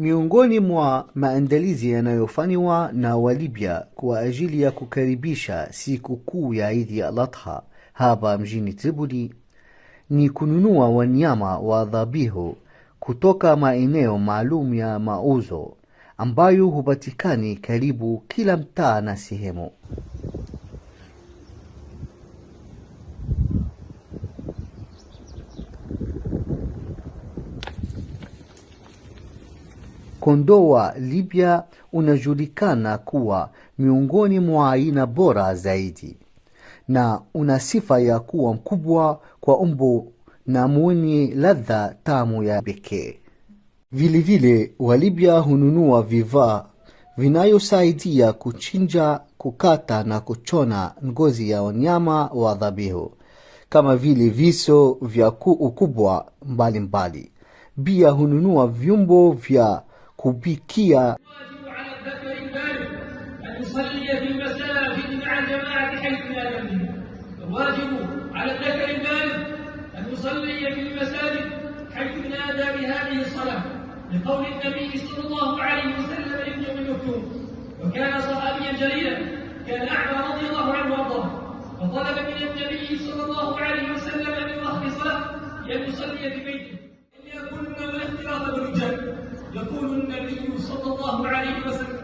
miongoni mwa maandalizi yanayofanywa na Walibya kwa ajili ya kukaribisha sikukuu ya Idi ya latha hapa mjini Tripoli ni kununua wanyama wa dhabihu kutoka maeneo maalum ya mauzo ambayo hupatikani karibu kila mtaa na sehemu. Kondoa Libya unajulikana kuwa miongoni mwa aina bora zaidi na una sifa ya kuwa mkubwa kwa umbo na mwenye ladha tamu ya pekee. Vilevile Walibya hununua vifaa vinayosaidia kuchinja, kukata na kuchona ngozi ya wanyama wa dhabihu kama vile viso vya ukubwa mbalimbali. Pia hununua vyombo vya كوبيكيا على الذكر البالغ أن يصلي في المساجد مع الجماعة حيث الواجب على الذكر البالغ أن يصلي في المساجد حيث نادى بهذه الصلاة لقول النبي صلى الله عليه وسلم لابن أم وكان صحابيا جليلا كان أعمى رضي الله عنه وأرضاه فطلب من النبي صلى الله عليه وسلم من يؤخر صلاة يصلي في بيته لم من الاختلاط بالرجال يقول النبي صلى الله عليه وسلم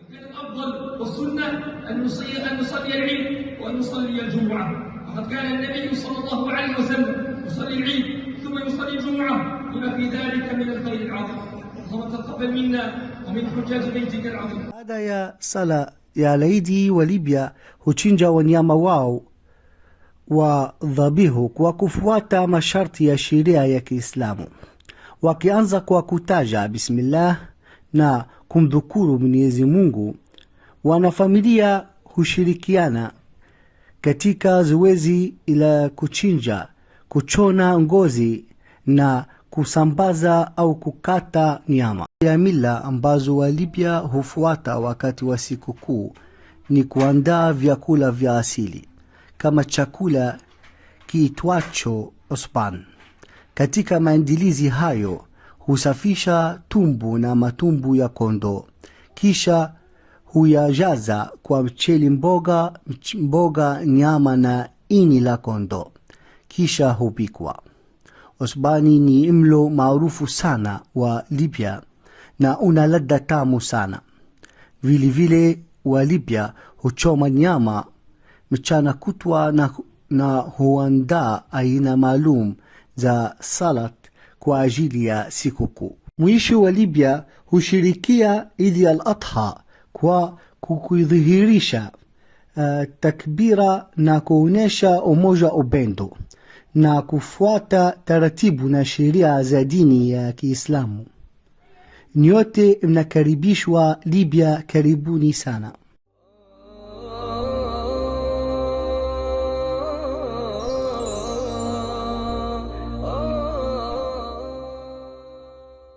وإن كان الأفضل والسنة أن نصلي أن نصلي العيد وأن نصلي الجمعة وقد كان النبي صلى الله عليه وسلم يصلي العيد ثم يصلي الجمعة لما في ذلك من الخير العظيم اللهم تقبل منا ومن حجاج بيتك العظيم هذا يا صلاة يا ليدي وليبيا huchinja ونياما واو wa وكفواتا kwa kufuata masharti يا sheria ya wakianza kwa kutaja bismillah na kumdhukuru Mwenyezi Mungu. Wanafamilia hushirikiana katika zoezi la kuchinja, kuchona ngozi na kusambaza au kukata nyama. Ya mila ambazo Walibya hufuata wakati wa sikukuu ni kuandaa vyakula vya asili kama chakula kiitwacho ospan. Katika maandilizi hayo husafisha tumbu na matumbu ya kondo kisha huyajaza kwa mcheli mboga, mboga, nyama na ini la kondo kisha hupikwa. Osbani ni mlo maarufu sana wa Libya na una ladha tamu sana. Vilevile wa Libya huchoma nyama mchana kutwa na, na huandaa aina maalum za salat kwa ajili ya sikukuu. Mwishi wa Libya hushirikia Idi al Adha kwa kukudhihirisha uh, takbira na kuonyesha umoja, upendo na kufuata taratibu na sheria za dini ya Kiislamu. Nyote mnakaribishwa Libya, karibuni sana.